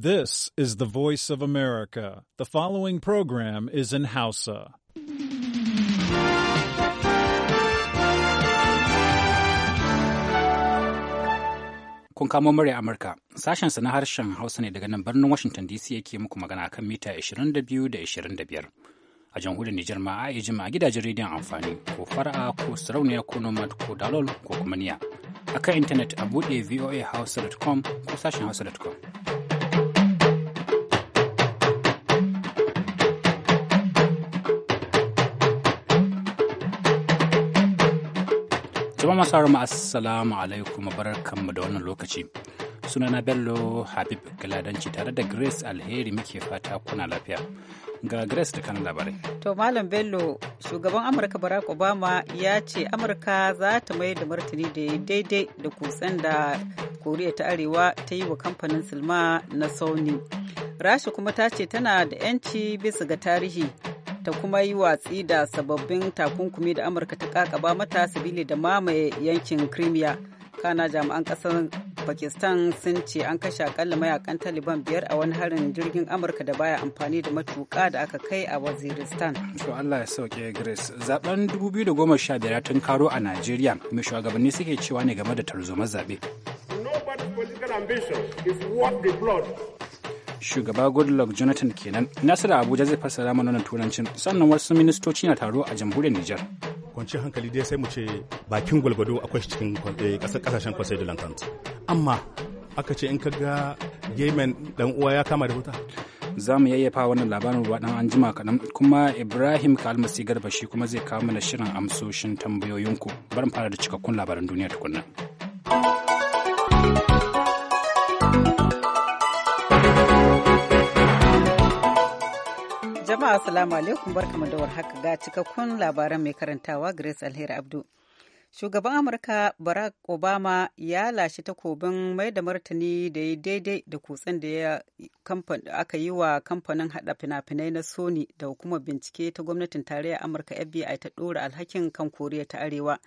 This is the voice of America. The following program is in Hausa. Kun kamo murya Amurka, sashensa na harshen Hausa ne daga nan birnin Washington DC yake muku magana kan mita 22 da 25. A jamhuriyar Nijar ma a jima ma gidajen rediyon amfani ko fara'a ko sarauniya ko nomad ko dalol ko kuma niya. A intanet a buɗe voahausa.com ko sashen hausa.com. Jama'a masu haramu assalamu alaikum barkanmu da wannan lokaci. Sunana Bello Habib Galadanci tare da Grace Alheri muke fata kuna lafiya. Ga Grace da kan labarai. To Malam Bello, shugaban Amurka Barack Obama ya ce Amurka za ta mayar da martani da ya daidai da kutsen da Koriya ta Arewa ta yi wa kamfanin Silma na Sony. Rasha kuma ta ce tana da 'yanci bisa ga tarihi ta kuma yi watsi da sababbin takunkumi da amurka ta kakaba mata sabili da mamaye yankin crimea kana jami'an kasar pakistan sun ce an kashe akalla mayakan taliban biyar a wani harin jirgin amurka da baya amfani da matuka da aka kai a waziristan to allah ya sauke grace zaben 2015 ya tun karo a nigeria mai shugabanni suke cewa ne game da tarzoma zabe shugaba goodluck jonathan kenan nasiru abuja zai fassara mana wannan turancin sannan wasu ministoci na taro a jamhuriyar nijar kwanci hankali dai sai mu ce bakin gwalgwado akwai cikin kasashen kwasai da lantarki amma aka ce in ka ga gemen dan uwa ya kama da wuta za mu yayyafa wannan labarin ruwa dan anjima kaɗan kuma ibrahim kalmasi garba shi kuma zai kawo mana shirin amsoshin tambayoyinku bari fara da cikakkun labaran duniya tukunna. assalamu alaikum barkamu da warhaka ga cikakkun labaran mai karantawa Grace Alheri Abdu. Shugaban Amurka Barack Obama ya lashe takobin mai da martani da ya daidai da kutsen da aka yi wa kamfanin hada fina-finai na Sony da hukumar bincike ta gwamnatin tarayyar Amurka FBI ta ɗora alhakin kan Koriya ta Arewa.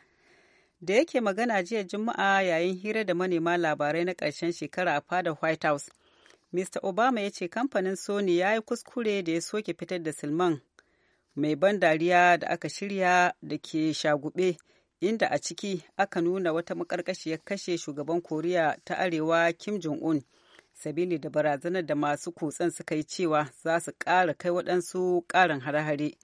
Da yake magana jiya Juma'a yayin hira da manema labarai na karshen shekara a fadar White House. Mr. Obama ya ce kamfanin Sony ya yi kuskure da ya soke fitar da Silman mai ban dariya da aka shirya da ke shagube inda a ciki aka nuna wata makarkashiyar kashe shugaban Koriya ta Arewa Kim Jong-un. Sabili da barazanar da masu kutsen suka yi cewa za su ƙara kai waɗansu ƙarin hare-hare.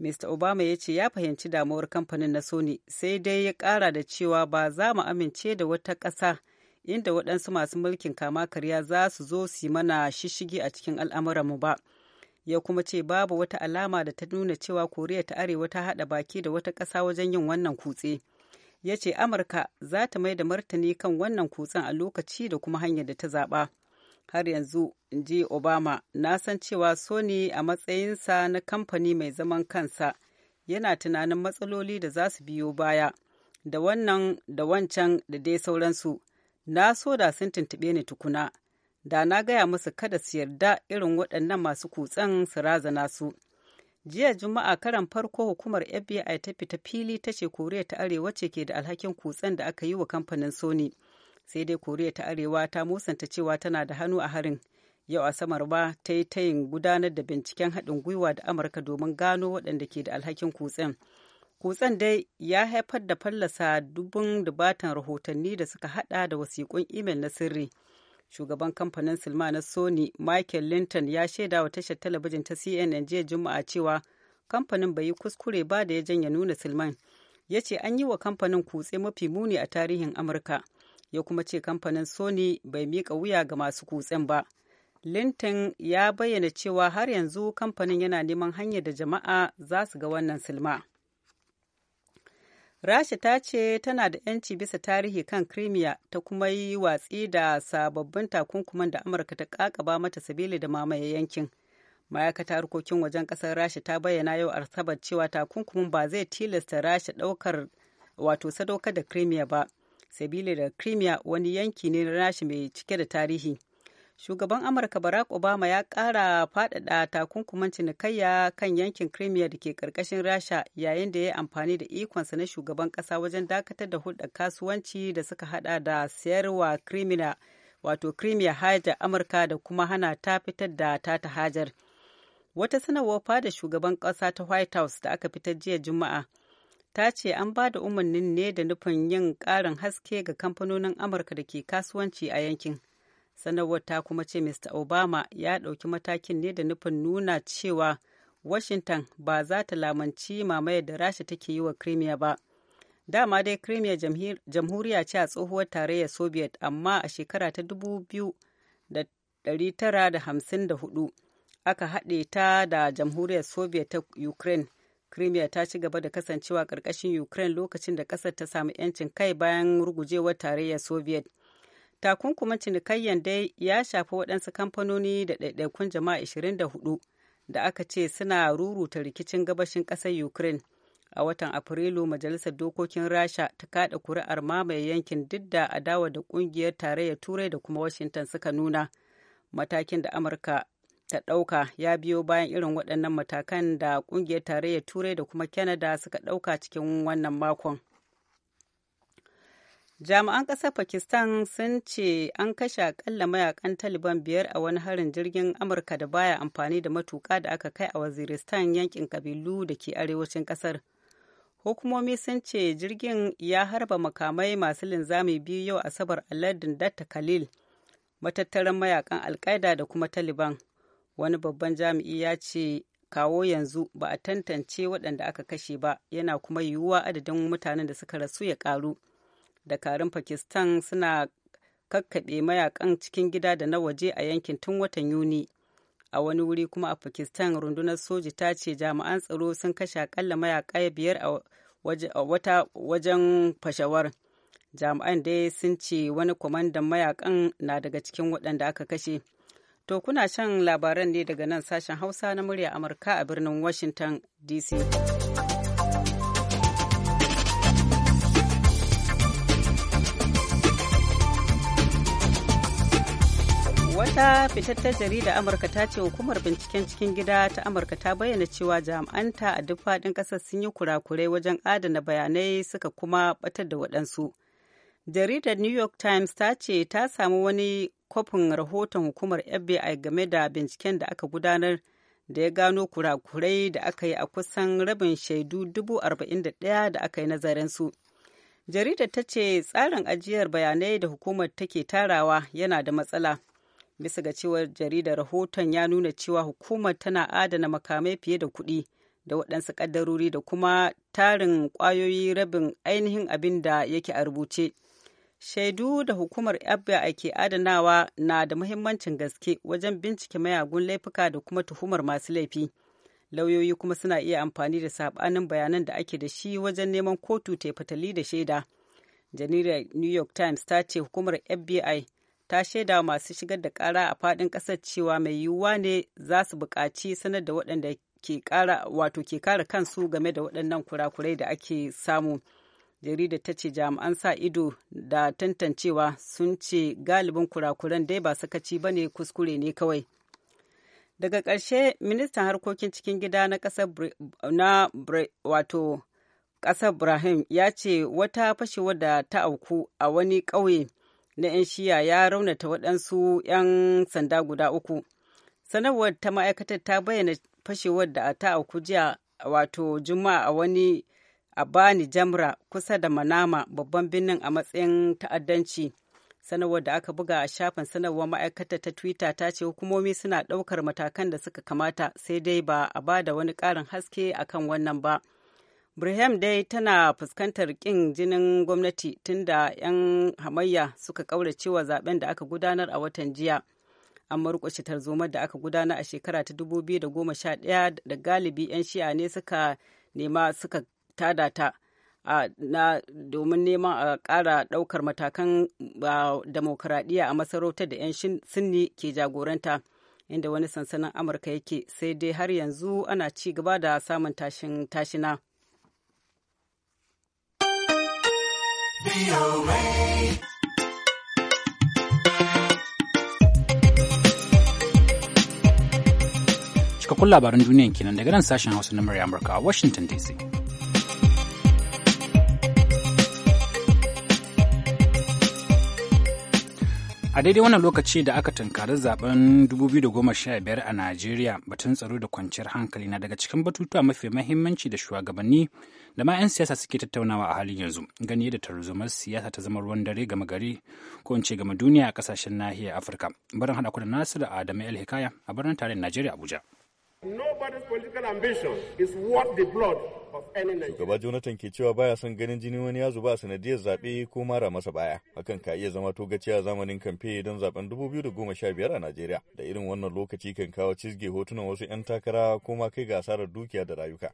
Mr. Obama ya ce ya fahimci damuwar kamfanin na Sony sai dai ya ƙara da cewa ba za mu amince da wata ƙasa. inda waɗansu masu mulkin kama karya za su zo su mana shishigi a cikin al'amuranmu ba ya kuma ce babu wata alama da ta nuna cewa koriya ta arewa ta haɗa baki da wata ƙasa wajen yin wannan kutse ya ce amurka za ta mai da martani kan wannan kutsen a lokaci da kuma hanyar da ta zaɓa har yanzu in ji obama na san cewa sony a matsayinsa na kamfani mai zaman kansa yana tunanin matsaloli da za su biyo baya da wannan da wancan da dai sauransu na so da sun tuntuɓe ni tukuna da na gaya musu kada su yarda irin waɗannan masu kutsen su razana su jiya juma'a karan farko hukumar fbi ta fita fili ta ce koriya ta arewa ce ke da alhakin kutsen da aka yi wa kamfanin sony sai dai koriya ta arewa ta musanta cewa tana da hannu a harin yau asamar ba ta yi tayin gudanar da binciken haɗin gwiwa da amurka domin gano waɗanda ke da alhakin kutsen kutsen dai ya haifar da fallasa dubun dubatan rahotanni da suka hada da wasiƙun imel na sirri shugaban kamfanin silma na sony michael linton ya shaida wa tashar talabijin ta cnn jiya juma'a cewa kamfanin bai yi kuskure ba da ya janya nuna silman ya ce an yi wa kamfanin kutse mafi muni a tarihin amurka ya kuma ce kamfanin sony bai mika wuya ga masu kutsen ba linton ya bayyana cewa har yanzu kamfanin yana neman hanyar da jama'a za su ga wannan silma. rasha ta ce tana da 'yanci bisa tarihi kan crimea ta kuma yi watsi da sababbin takunkuman da amurka ta ƙaƙaba mata sabili da mamaye yankin ma'aikata harkokin wajen ƙasar rasha ta bayyana yau asabar cewa takunkumin ba zai tilasta rasha ɗaukar wato sadaukar da crimea ba sabili da crimea wani yanki ne na rasha mai cike da tarihi shugaban amurka barack obama ya kara faɗaɗa takunkuman cinikayya kan yankin crimea da ke ƙarƙashin rasha yayin da ya yi amfani da ikonsa na shugaban ƙasa wajen dakatar da hulɗar kasuwanci da suka hada da sayarwa crimea wato crimea hajar amurka da kuma hana ta fitar da tata hajar wata sanarwar fada shugaban ƙasa ta white house da aka fitar jiya juma'a ta ce an ba da umarnin ne da nufin yin ƙarin haske ga kamfanonin amurka da ke kasuwanci a yankin sanarwar ta kuma ce mr obama ya ɗauki matakin ne da nufin nuna cewa washington ba za ta lamanci mamayar da rasha take yi wa crimea ba dama dai crimea jamhuriya ce a tsohuwar tarayyar soviet amma a shekara ta 2954 aka haɗe ta da jamhuriyar soviet ta ukraine crimea ta ci gaba da kasancewa ƙarƙashin ukraine lokacin da ƙasar ta samu 'yancin kai bayan rugujewar tarayyar soviet takunkumin cinikayyar dai ya shafi waɗansu kamfanoni da ɗaiɗaikun jama'a 24 da aka ce suna ruruta rikicin gabashin ƙasar ukraine a watan afrilu majalisar dokokin rasha ta kada kuri'ar mamaye yankin duk da adawa da ƙungiyar tarayyar turai da kuma washington suka nuna matakin da amurka ta ɗauka ya biyo bayan irin waɗannan matakan da ƙungiyar tarayyar turai da kuma canada suka ɗauka cikin wannan makon. jami'an ƙasar pakistan sun ce an kashe akalla mayakan taliban biyar a wani harin jirgin amurka da baya amfani da matuƙa da aka kai a waziristan yankin kabilu da ke arewacin ƙasar hukumomi sun ce jirgin ya harba makamai masu linzami biyu yau asabar a lardin datta khalil matattaran mayakan alkaida da kuma taliban wani babban jami'i ya ce kawo yanzu ba a tantance waɗanda aka kashe ba yana kuma yiwuwa adadin mutanen da suka rasu ya ƙaru. dakarun pakistan suna kakkaɓe mayakan cikin gida da na waje a yankin tun watan yuni a wani wuri kuma a pakistan rundunar soji ta ce jami'an tsaro sun kashe akalla mayaka biyar a wata wajen fashawar jami'an dai sun ce wani kwamandan mayakan na daga cikin waɗanda aka kashe to kuna shan labaran ne daga nan sashen hausa na murya amurka a birnin washington dc Ta fitattar jarida Amurka ta ce hukumar binciken cikin gida ta Amurka ta bayyana cewa jami'anta a duk faɗin ƙasar sun yi kurakurai wajen adana bayanai suka kuma batar da waɗansu. Jaridar New York Times ta ce ta samu wani kwafin rahoton hukumar FBI game da binciken da aka gudanar da ya gano kurakurai da aka yi a kusan rabin shaidu dubu arba'in da ɗaya da aka yi nazarin su. Jaridar ta ce tsarin ajiyar bayanai da hukumar take tarawa yana da matsala. bisa ga cewar jaridar rahoton ya nuna cewa hukumar tana adana makamai fiye da kuɗi da waɗansu ƙaddarori da kuma tarin ƙwayoyi rabin ainihin abin da yake a rubuce shaidu da hukumar fbi ke adanawa na da muhimmancin gaske wajen bincike mayagun laifuka da kuma tuhumar masu laifi lauyoyi kuma suna iya amfani da saɓanin bayanan da ake da shi wajen neman kotu ta fatali da shaida jaridar new york times ta ce hukumar fbi ta shaida masu shigar da kara a fadin kasar cewa mai yiwuwa ne za su buƙaci sanar da waɗanda ke kara wato ke kara kansu game da waɗannan kurakurai da ake samu jarida ta ce jami'an sa ido da tantancewa sun ce galibin kurakuran dai ba sakaci ba ne kuskure ne kawai daga ƙarshe ministan harkokin cikin gida na ƙasar na wato ƙasar brahim ya ce wata fashewar da ta auku a wani ƙauye na 'yan shiya ya raunata waɗansu 'yan sanda guda uku. Sanarwar ta ma'aikatar ta bayyana fashewar da ta auku jiya wato juma'a a wani a bani jamra kusa da manama babban birnin a matsayin ta'addanci. sanarwar da aka buga a shafin sanarwar ma'aikatar ta twitter ta ce hukumomi suna ɗaukar matakan da suka kamata sai dai ba a ba da wani ƙarin haske akan wannan ba. brahim dai tana fuskantar ƙin jinin gwamnati tun da 'yan hamayya suka kaura cewa zaben da aka gudanar a watan jiya. An murƙushe tarzomar da aka gudana a shekara ta 2011 da galibi 'yan shi'a ne suka nema suka tada ta na domin neman a ƙara ɗaukar matakan demokuraɗiyya a masarautar da 'yan sunni ke jagoranta. inda wani sansanin amurka yake sai dai har yanzu ana ci gaba da samun tashin tashina Cikakkun labaran duniyan kenan daga nan sashen Hausa na murya Amurka a Washington DC. a daidai wannan lokaci da aka tunkari zaben 2015 a najeriya batun tsaro da kwanciyar hankali na daga cikin batutuwa mafi mahimmanci da shugabanni da ma 'yan siyasa suke tattaunawa a halin yanzu gani da tarzomar siyasa ta zama ruwan dare gama gari ko in ce duniya a kasashen nahiyar afirka barin haɗa ku da nasiru adamu el hikaya a birnin tarayyar najeriya abuja political is the Shugaba Jonathan ke cewa baya son ganin jini wani ya zuba sanadiyar zaɓe ko mara masa baya. Hakan ka iya zama togaci a zamanin kamfe don zaben 2015 a Najeriya. Da irin wannan lokaci kan kawo cizge hotunan wasu 'yan takara ko ma kai ga asarar dukiya da rayuka.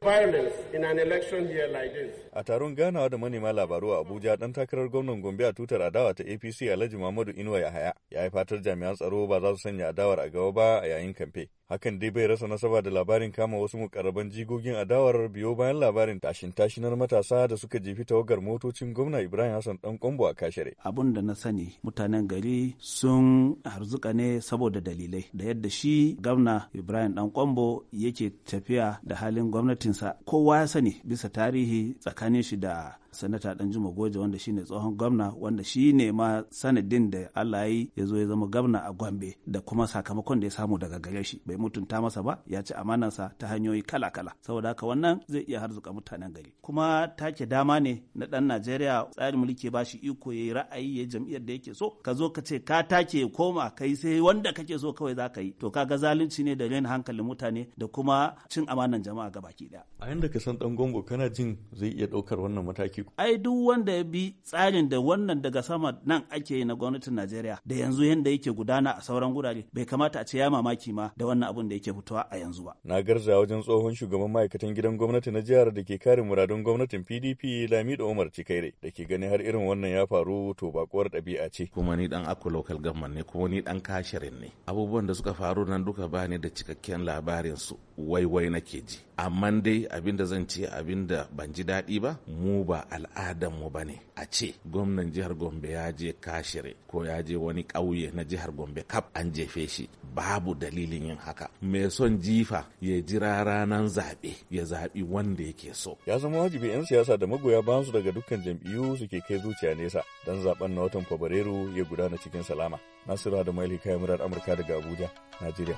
A taron ganawa da manema labaru a Abuja dan takarar gwamnan Gombe a tutar adawa ta APC Alhaji Muhammadu Inuwa Yahaya ya yi fatar jami'an tsaro ba za su sanya adawar a gaba ba a yayin kamfe. Hakan dai bai rasa nasaba da labarin kama wasu mukarraban jigogin adawar biyo bayan labarin labarin tashin tashinar matasa da suka jefi tawagar motocin gwamna Ibrahim Hassan dan Kwambo a Kashare. Abun da na sani mutanen gari sun harzuka ne saboda dalilai da yadda shi gwamna Ibrahim dan Kwambo yake tafiya da halin gwamnatinsa kowa ya sani bisa tarihi tsakanin shi da sanata danjuma goje wanda shine tsohon gwamna wanda shine ma sanadin da allah ya yi ya zo ya zama gwamna a gombe da kuma sakamakon da ya samu daga gare shi bai mutunta masa ba ya ci amanansa ta hanyoyi kala kala saboda haka wannan zai iya harzuka mutanen gari kuma take dama ne na dan najeriya tsarin mulki ba shi iko ya ra'ayi ya jam'iyyar da yake so ka zo ka ce ka take koma kai sai wanda kake so kawai za ka yi to kaga zalunci ne da rain hankalin mutane da kuma cin amanan jama'a gabaki daya a yanda ka san dan gongo kana jin zai iya daukar wannan mataki fiku ai duk wanda ya bi tsarin da wannan daga sama nan ake yi na gwamnatin Najeriya da yanzu yadda yake gudana a sauran gurare bai kamata a ce ya mamaki ma da wannan abun da yake fitowa a yanzu ba na garza wajen tsohon shugaban ma'aikatan gidan gwamnati na jihar da ke kare muradun gwamnatin PDP Lamido Umar Cikaire da ke gani har irin wannan ya faru to bakuwar ɗabi'a ce kuma ni dan aku local government ne kuma ni dan kashirin ne abubuwan da suka faru nan duka bani da cikakken labarin su waiwai nake ji amma dai abinda zan ce abinda ban ji daɗi ba mu ba al'adan mu ne. a ce gwamnan jihar gombe ya je kashire ko ya je wani ƙauye na jihar gombe kap an jefe shi babu dalilin yin haka mai son jifa ya jira ranar zaɓe ya zaɓi wanda yake so ya zama wajibi 'yan siyasa da magoya bayansu daga dukkan jam'iyyu suke kai zuciya nesa don zaɓen na watan fabrairu ya gudana cikin salama nasiru da maili kayan murar amurka daga abuja najeriya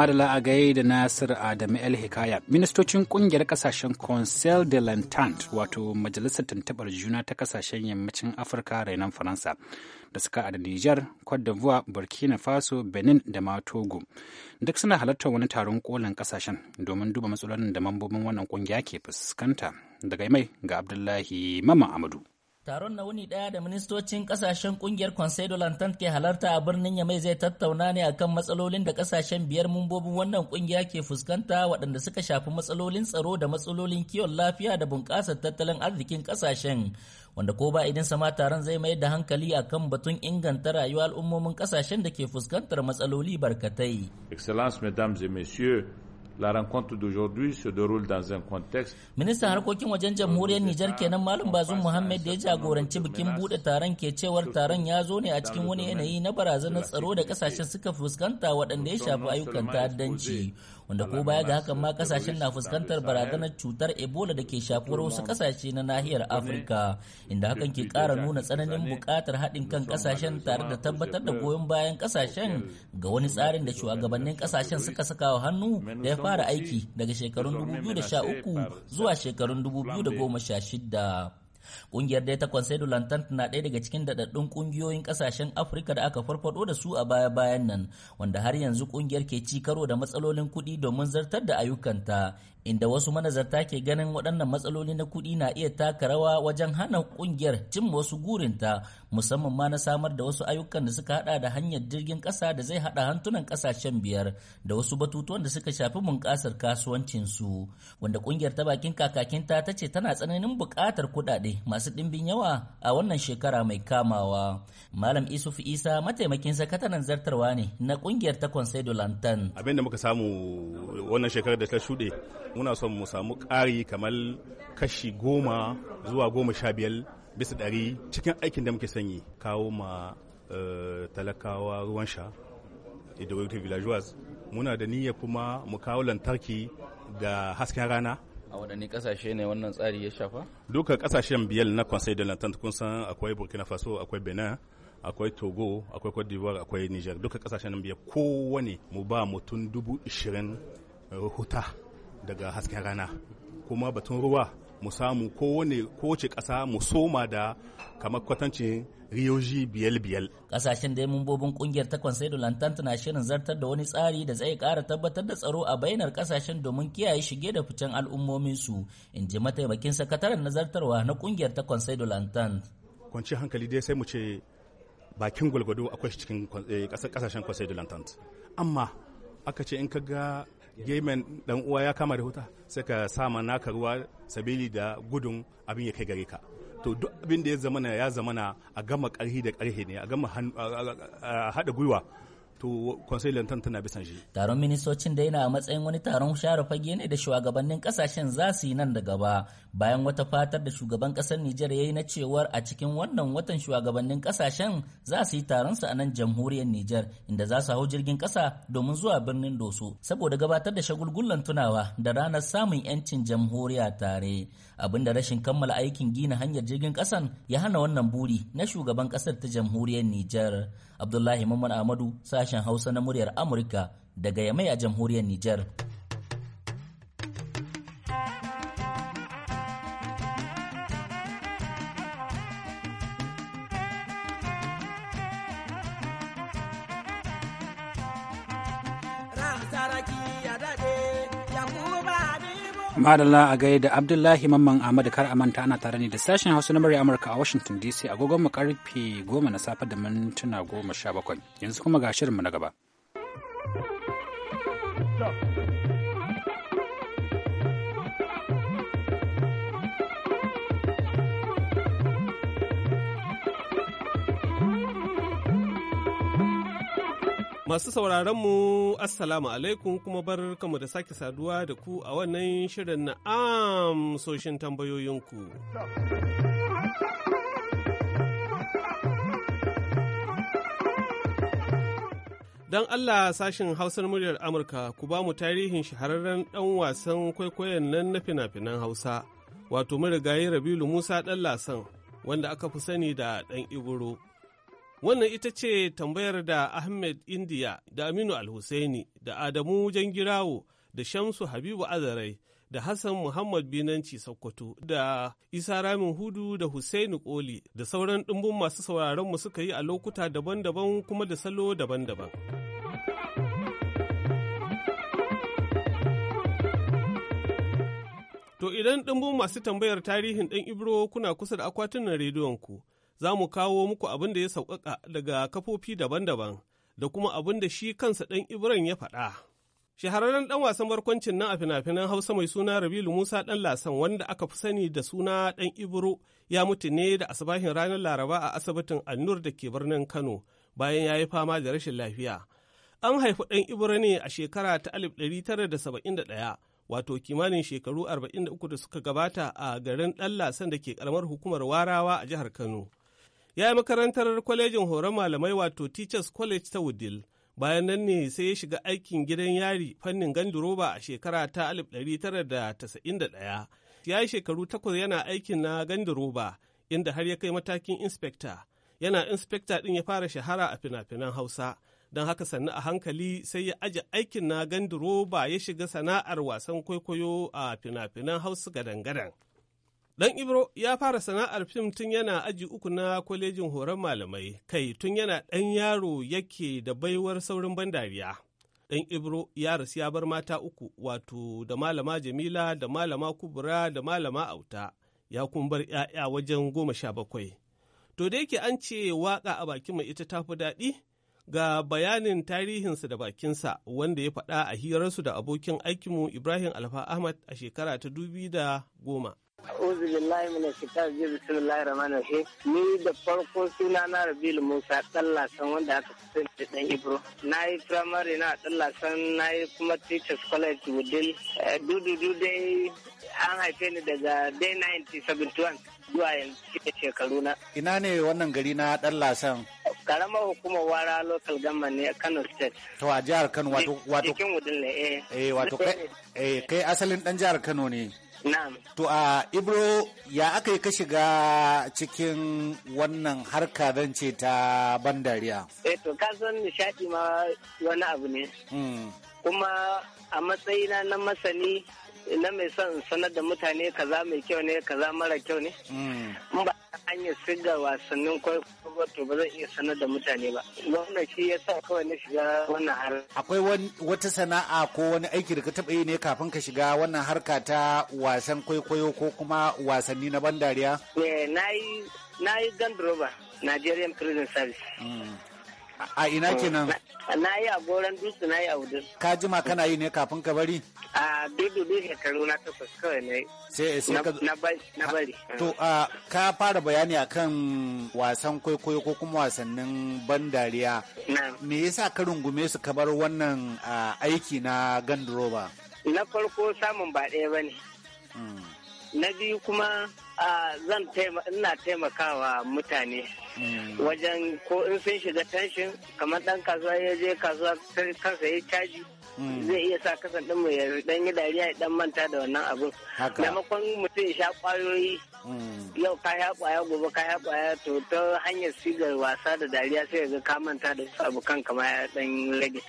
madala a gaye da nasir adamu el hikaya ministocin kungiyar kasashen conseil de l'entente wato majalisar Tantabar juna ta kasashen yammacin afirka rainan faransa da suka a nijar cote d'ivoire burkina faso benin da ma togo duk suna halartar wani taron kolin kasashen domin duba matsalolin da mambobin wannan kungiya ke fuskanta daga mai ga abdullahi mama amadu Taron na wuni ɗaya da ministocin ƙasashen ƙungiyar Conseil de ke halarta a birnin Yamai zai tattauna ne akan matsalolin da ƙasashen biyar mumbobin wannan ƙungiya ke fuskanta waɗanda suka shafi matsalolin tsaro da matsalolin kiwon lafiya da bunƙasar tattalin arzikin ƙasashen wanda ko ba idan sama taron zai mayar da hankali akan batun inganta rayuwar al'ummomin ƙasashen da ke fuskantar matsaloli barkatai. Excellence, mesdames et messieurs, La rencontre d'aujourd'hui se déroule dans un contexte. Ministan harkokin wajen jamhuriyar Nijar kenan Malam Bazum Muhammad da ya jagoranci bikin bude taron ke cewar taron ya zo ne a cikin wani yanayi na barazanar tsaro da kasashen suka fuskanta waɗanda ya shafi ayyukan ta'addanci. wanda ko baya ga hakan ma kasashen na fuskantar barazanar cutar ebola da ke shafuwar wasu kasashe na nahiyar afirka inda hakan ke kara nuna tsananin bukatar haɗin kan kasashen tare da tabbatar da goyon bayan kasashen ga wani tsarin da shugabannin kasashen suka saka wa hannu da ya fara aiki daga shekarun 2013 zuwa shekarun 2016 Ƙungiyar dai ta Conseil Lantant na ɗaya daga cikin daɗaɗɗun ƙungiyoyin ƙasashen Afirka da aka farfaɗo da su a baya-bayan nan, wanda har yanzu ƙungiyar ke ci karo da matsalolin kuɗi domin zartar da ayyukanta, inda wasu manazarta ke ganin waɗannan matsaloli na kuɗi na iya taka rawa wajen hana ƙungiyar cimma wasu gurinta musamman ma na samar da wasu ayyukan da suka hada da hanyar jirgin ƙasa da zai hada hantunan ƙasashen biyar da wasu batutuwan da suka shafi bunƙasar kasuwancinsu wanda ƙungiyar ta bakin kakakinta ta ce tana tsananin buƙatar kuɗaɗe masu ɗimbin yawa a wannan shekara mai kamawa malam isuf isa mataimakin sakataren zartarwa ne na ƙungiyar ta conseil lantan abin da muka samu wannan shekarar da ta shuɗe muna son mu samu ƙari kamar kashi goma zuwa goma sha biyar bisa ɗari cikin aikin da muke sanyi kawo ma eh, talakawa ruwan sha idowirti villageois muna da niyya kuma mu kawo lantarki da hasken rana a waɗanne ƙasashe ne wannan tsari ya shafa duka ƙasashen biyar na conseil de l'entente kun san akwai burkina faso akwai benin akwai togo akwai cote d'ivoire akwai niger duka ƙasashen biyar kowane mu ba mutum dubu ishirin eh, huta daga hasken rana kuma batun ruwa mu samu kowane kowace ƙasa mu soma da kamar kwatancin riyoji biyar biyar. Ƙasashen da mumbobin ƙungiyar ta Conseil na shirin zartar da wani tsari da zai ƙara tabbatar da tsaro a bainar ƙasashen domin kiyaye shige da ficen al'ummominsu, in ji mataimakin sakataren na zartarwa na ƙungiyar ta Conseil Kwanci hankali dai sai mu ce bakin gwalgwado akwai cikin eh, ƙasashen Conseil Amma aka ce in ka ga gemen dan uwa ya kama da wuta sai ka sama naka ruwa sabili da gudun abin ya kai gare ka to duk abin da ya zamana ya zamana a gama karhi da karhe ne a gama hada gwiwa to lantan tana bisan shi taron ministocin da yana a matsayin wani taron share fage ne da shugabannin kasashen za su yi nan da gaba bayan wata fatar da shugaban kasar Nijar ya yi na cewar a cikin wannan watan shugabannin kasashen za su yi taron su a nan jamhuriyar Nijar inda za su hau jirgin kasa domin zuwa birnin Doso saboda gabatar da shagulgullan tunawa da ranar samun yancin jamhuriya tare abinda rashin kammala aikin gina hanyar jirgin kasan ya hana wannan buri na shugaban kasar ta jamhuriyar Nijar Abdullahi Mamman Ahmadu sashen Hausa na muryar Amurka daga Yamai a jamhuriyar Nijar. Madalla a gaida Abdullahi Mamman Ahmad kar a manta ana tare ne da sashen Hausa na murya Amurka a Washington DC agogon mu karfe goma na safe da mintuna goma sha bakwai yanzu kuma ga shirinmu na gaba. Masu sauraronmu, Assalamu alaikum kuma bar kamu da sake saduwa da ku a wannan shirin na amsoshin tambayoyinku. Don Allah sashin Hausar muryar Amurka ku ba mu tarihin shahararren ɗan wasan kwaikwayon nan na fina-finan Hausa, wato marigayi Rabilu Musa ɗan Lasan, wanda aka fi sani da ɗan Iguro. Wannan ita ce tambayar da Ahmed India da Aminu Alhussaini da Adamu Jangirawo da Shamsu Habibu Azarai da Hassan Muhammad Binanci Sokoto da Isa Ramin Hudu da Hussaini Koli da sauran ɗumbun masu sauraronmu suka yi a lokuta daban-daban kuma da salo daban-daban. To idan ɗumbun masu tambayar tarihin ɗan Ibro kuna kusa da akwatunan rediyonku, za mu kawo muku abin da ya sauƙaƙa daga kafofi daban-daban da kuma abin da shi kansa ɗan Ibran ya faɗa. Shahararren ɗan wasan barkwancin nan a fina-finan Hausa mai suna Rabilu Musa ɗan Lasan wanda aka fi sani da suna ɗan Ibro ya mutu ne da asabahin ranar Laraba a asibitin Annur da ke birnin Kano bayan ya yi fama da rashin lafiya. An haifi ɗan Ibro ne a shekara ta 1971 wato kimanin shekaru 43 da suka gabata a garin ɗan Lasan da ke ƙaramar hukumar Warawa a jihar Kano. Ya yi makarantar kwalejin horon malamai wato Teachers College ta Wudil. Bayan nan ne sai ya shiga aikin gidan yari fannin gandiroba a shekara ta 1991. Ya yi shekaru takwas yana aikin na gandiroba inda har ya kai matakin inspekta. Yana inspekta din ya fara shahara a fina-finan Hausa. Don haka sannu a hankali sai ya aje aikin na gandiroba ya shiga sana'ar wasan kwaikwayo a fina-finan Hausa gadan-gadan. Dan Ibro ya fara sana'ar fim tun yana aji uku na kwalejin horon malamai, kai tun yana ɗan yaro yake da baiwar saurin bandariya. Dan Ibro ya rasu ya bar mata uku, wato da malama Jamila da malama kubra da malama Auta, ya kumbar ‘ya'ya wajen goma sha bakwai. To da yake an ce waƙa a bakin mai ita tafi daɗi? Ga bayanin tarihinsa da bakinsa wanda ya faɗa a hirarsu da abokin aikinmu Ibrahim Alfa Ahmad a shekara ta dubi da goma. Uzu billahi mina shaitan ji bismillahir rahmanir rahim. Ni da farko suna na Rabiul Musa Dallasan wanda aka fi da dan Ibro. Na yi firamare na Dallasan na yi kuma Teachers College Wudil. Eh, du dai an haife ni daga day ninety seventy one zuwa yanzu shekaru na. Ina ne wannan gari na Dallasan? karamar hukumar wara local government ne a kano state to a jihar kano wato wato cikin wudin ne eh eh wato eh, kai asalin dan jihar kano ne To a Ibro ya aka yi ka shiga cikin wannan harka zan ce ta bandariya? Eh to ka san nishadi ma wani abu ne. Hmm. Kuma a matsayina na masani na mai son sanar da mutane kaza mai kyau ne kaza mara kyau ne mm. in ba hanyar siga wasannin kwaikwayo to ba zan iya sanar da mutane ba wannan shi ya sa kawai na shiga wannan har akwai wata sana'a ko wani aiki da ka taba yi ne kafin ka shiga wannan harka ta wasan kwaikwayo ko kuma wasanni na ban dariya eh, na yi gandroba nigerian prison service mm. A ina hmm. kenan? Na yi a goron dutse na yi a wudin. Ka jima kana yi ne kafin ka bari? A dudu shekaru na takwas kawai na yi. na bari. To ka fara bayani akan wasan kwaikwayo ko kuma wasannin ban dariya. Me yasa ka rungume su ka bar wannan aiki na ganduroba? Na farko samun ba ɗaya ba ne. Hmm. Na biyu kuma zan ina taimakawa mutane mm. wajen ko in sun shiga tashin kamar dan kasuwa ya je kasuwa kansa ya caji mm. zai iya sa kasan ɗinmu ya dan yi dariya ya dan manta da wannan abin maimakon mutum ya sha kwayoyi yau ka ya kwaya gobe ka ya kwaya to ta hanyar sigar wasa da dariya sai ga ka manta da su abu kan kama ya dan rage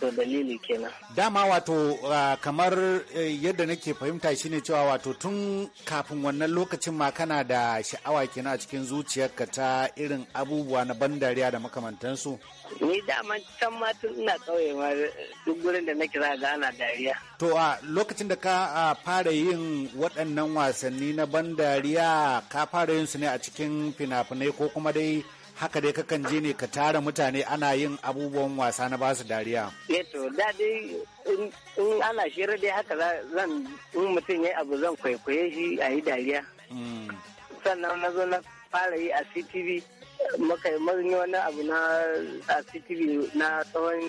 to dalili kenan dama wato ah, kamar eh, yadda nake fahimta shine cewa wato tun kafin wannan lokacin ma kana da sha'awa kenan a cikin zuciyarka ta irin abubuwa na ban dariya da makamantansu ni dama can ma tun ina kauye ma duk gurin da nake za ga ana dariya to a lokacin da ka ah, fara yin waɗannan wasanni na ban dariya ya ka fara yin su ne a cikin fina-finai ko kuma dai haka dai kakan je ne ka tara mutane ana yin abubuwan wasa na basu dariya. Ne eh to in ana shirar dai haka zan in mutum ya abu zan kwaikwaye shi a yi dariya. Hmm. Sannan na zo na fara yi a CTV muka yi wani abu na CTV na tsawon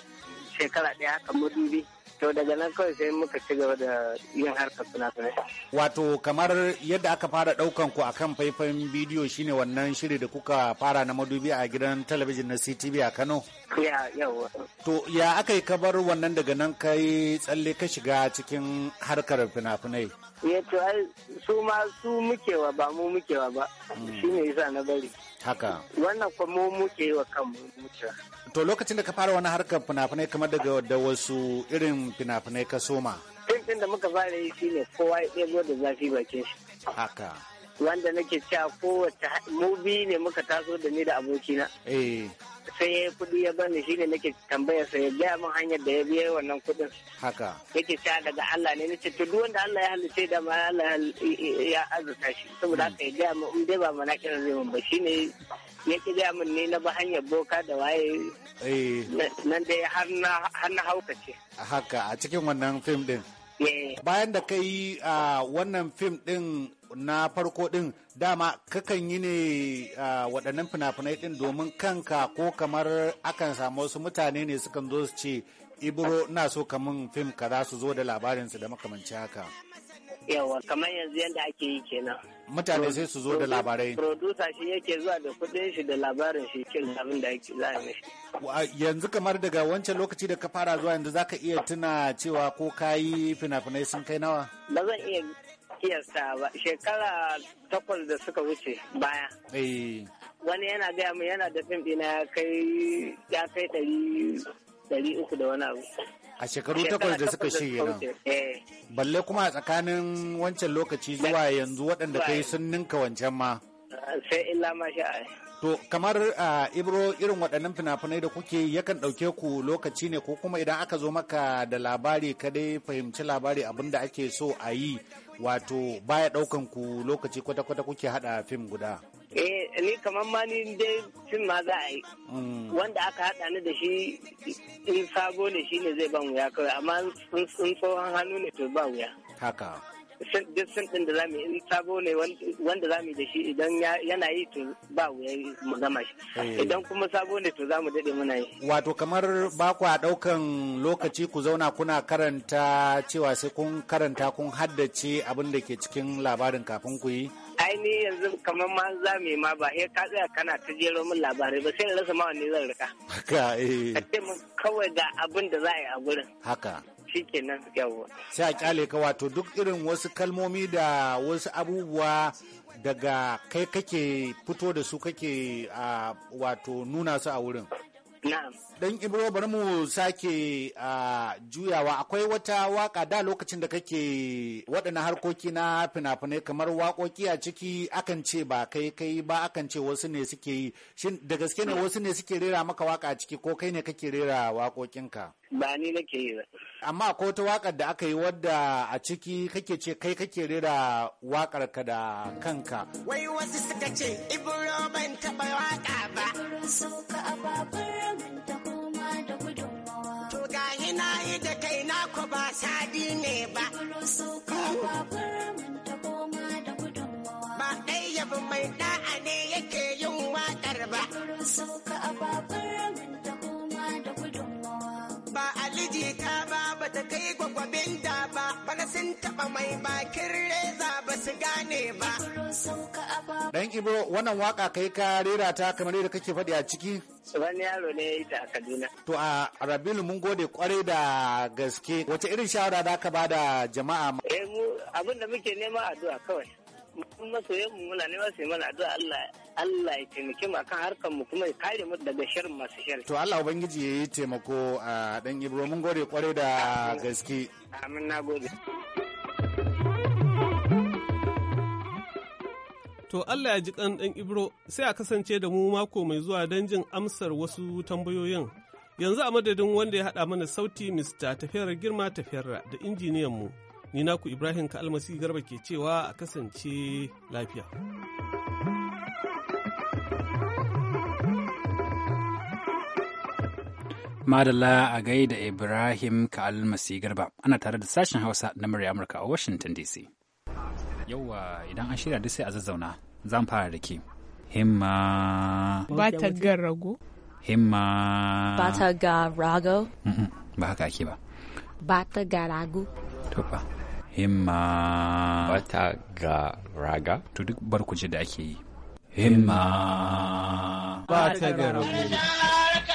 shekara ɗaya haka mudubi. to daga nan kawai sai muka ci gaba da yin harkar fina-finai. Wato kamar yadda aka fara daukan ku akan faifan bidiyo shine wannan shiri da kuka fara na madubi a gidan talabijin na CTV a Kano? Ya yawa. To ya aka yi kabar wannan daga nan kai tsalle ka shiga cikin harkar fina-finai? Ya to ai su ma su mukewa ba mu mukewa ba hmm. shine yasa na bari. Haka. Wannan kuma mu muke wa kanmu mukewa. To lokacin da ka fara wani harkar fina-finai kamar daga da wasu irin fina-finai ka soma. Fim da muka fara yi shine kowa ya ɗebo da zafi bakin shi. Haka. Wanda nake cewa kowace mubi ne muka taso da ni da abokina. Eh. sai ya kudi ya bani shine nake tambaya sa ya gaya min hanyar da ya biya wannan kudin haka Nake cewa daga Allah ne nace to duk wanda Allah ya halice da ma Allah ya azurta shi saboda hmm. haka ya gaya min in dai ba mana kira zai mun ba shine ya ki min ne na ba hanyar boka da waye eh. nan dai har na ce. haka a cikin wannan fim din eh. bayan da yi a wannan fim din na farko din dama kakan yi ne waɗannan fina-finai din domin kanka ko kamar akan samu wasu mutane ne sukan zo su ce ibro na so kamun fim ka za su zo da labarinsu da makamanci haka yawa kamar yanzu yadda ake yi kenan mutane sai su zo da labarai producer shi yake zuwa da kudin shi da labarin shi kin abin da ake za mishi yanzu kamar daga wancan lokaci da ka fara zuwa yanzu zaka iya tuna cewa ko kayi fina-finai sun kai nawa ba zan iya kiyasta ba shekara takwas da suka wuce baya eh. wani yana gaya mu yana da fim ɗina ya kai ɗari uku da wani abu a shekaru takwas da suka shige nan balle kuma a tsakanin wancan lokaci zuwa yanzu waɗanda kai sun ninka wancan ma sai illa ma sha to kamar a ibro irin waɗannan fina-finai da kuke yakan ɗauke ku lokaci ne ko kuma idan aka zo maka da labari ka dai fahimci labari abin da ake so a yi wato baya ɗaukan ku lokaci kwata-kwata kuke haɗa fim guda eh ni kamar ma ni dai cin ma za a yi mm. wanda aka haɗa ni da shi in sabo ne shi ne zai ban wuya kawai amma sun tsohon hannu ne to ba wuya haka duk sun ɗin da za mu in sabo ne wanda za mu da shi idan yana yi to ba wuya mu gama shi eh. idan kuma sabo ne to za mu daɗe muna yi wato kamar ba ku a ɗaukan lokaci ku zauna kuna karanta cewa sai kun karanta kun haddace abin da ke cikin labarin kafin ku yi ainihin yanzu kamar ma za mu ma ba sai ka tsaya kana ta jero min labarai ba sai na rasa mawa ne zan rika haka eh ka ce kawai ga abin da za a yi a gurin haka shikenan yawo sai a kyale ka wato duk irin wasu kalmomi da wasu abubuwa daga kai kake fito da su kake ah, wato nuna su a wurin Dan Ibro bari mu sake juyawa akwai wata waka da lokacin da kake waɗannan harkoki na fina-finai kamar waƙoƙi a ciki akan ce ba kai kai ba akan ce wasu ne suke yi. Shin da gaske ne wasu ne suke rera maka waka a ciki ko kai ne kake rera waƙoƙinka? Ba ni nake yi ba. Amma akwai wata waƙar da aka yi wadda a ciki kake ce kai kake rera waƙar ka da kanka. Wai wasu suka ce Ibro ban taɓa waƙa ba. Sauka ababai. ba. Ba ɗaya ba mai da'a ne yake yin waƙar ba. taba mai bakin reza ba su gane ba. Dan Ibro wannan waka kai ka rera ta kamar yadda kake faɗi a ciki. Wani yaro ne yi ta Kaduna. To a Rabilu mun gode kwarai da gaske wace irin shawara da aka bada jama'a? Eh mu abin da muke nema addu'a kawai. mun masoyan mu muna nema su mana addu'a Allah Allah ya taimake mu akan harkar mu kuma ya kare mu daga shirin masu sharri to Allah ubangiji yayi taimako a dan Ibro mun gode kwarai da gaske amin gode. To Allah ya ji ɗan ɗan Ibro sai a kasance da mu mako mai zuwa don jin amsar wasu tambayoyin. Yanzu a madadin wanda ya haɗa mana sauti Mr. Tafiyar Girma Tafiyar da injiniyan mu. Ni naku Ibrahim Ka'almasi Garba ke cewa a kasance lafiya. Madalla a gaida Ibrahim Ka'almasi Garba ana tare da sashen Hausa na murya Amurka a Washington DC. Yauwa idan an shirya duk sai a zazzauna zan fara da ke. Himma. Ba ta ga rago. Himma. Ba ta ga rago. Ba haka ake ba. Ba ta ga rago. To ba. Himma. Ba ta ga raga. To duk barkuje da ake yi. Himma. Ba ta ga rago.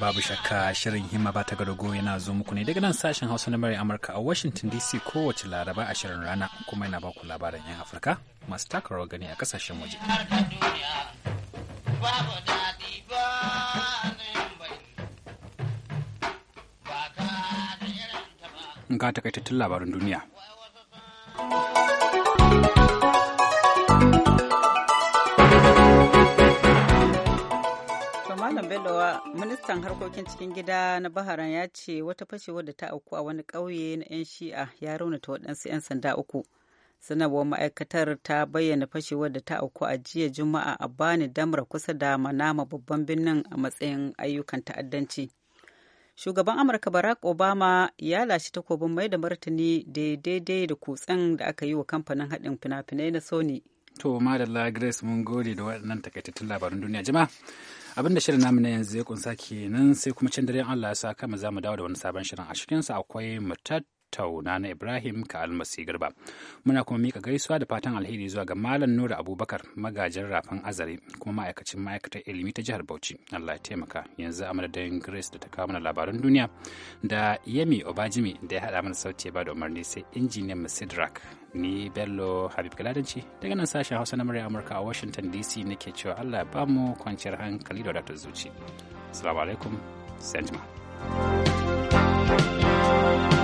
babu shakka shirin himma ba ta garago yana zo muku ne daga nan sashen hausa na mara amurka a washington dc kowace laraba a shirin rana kuma yana baku labaran 'yan afirka masu taka gani a kasashen waje ga takaitattun labarin duniya Malam Bello ministan harkokin cikin gida na Baharan ya ce wata fashewa da ta auku a wani ƙauye na 'yan shi'a ya raunata waɗansu 'yan sanda uku. sanarwa ma'aikatar ta bayyana fashewar da ta auku a jiya Juma'a a bani damra kusa da Manama babban birnin a matsayin ayyukan ta'addanci. Shugaban Amurka Barack Obama ya lashe takobin mai da martani daidai da kutsen da aka yi wa kamfanin haɗin fina-finai na Sony. To, Madalla Grace mun gode da waɗannan takaitattun labarin duniya. Jama'a, abin da shirin namu na yanzu ya kunsa kenan sai kuma can dare Allah ya sa kama za mu dawo da wani sabon shirin a cikinsa akwai mutat tauna na Ibrahim ka almasi garba. Muna kuma mika gaisuwa da fatan alheri zuwa ga Malam Nura Abubakar magajin rafin azare kuma ma'aikacin ma'aikatar ilimi ta jihar Bauchi. Allah ya taimaka yanzu a madadin Grace da ta kawo mana labaran duniya da Yemi Obajimi da ya haɗa mana sauti ba da umarni sai injiniyan Musidrak ni Bello Habib Galadanci daga nan sashen Hausa na murya Amurka a Washington DC nake cewa Allah ya bamu kwanciyar hankali da wadatar zuci. Assalamu alaikum, you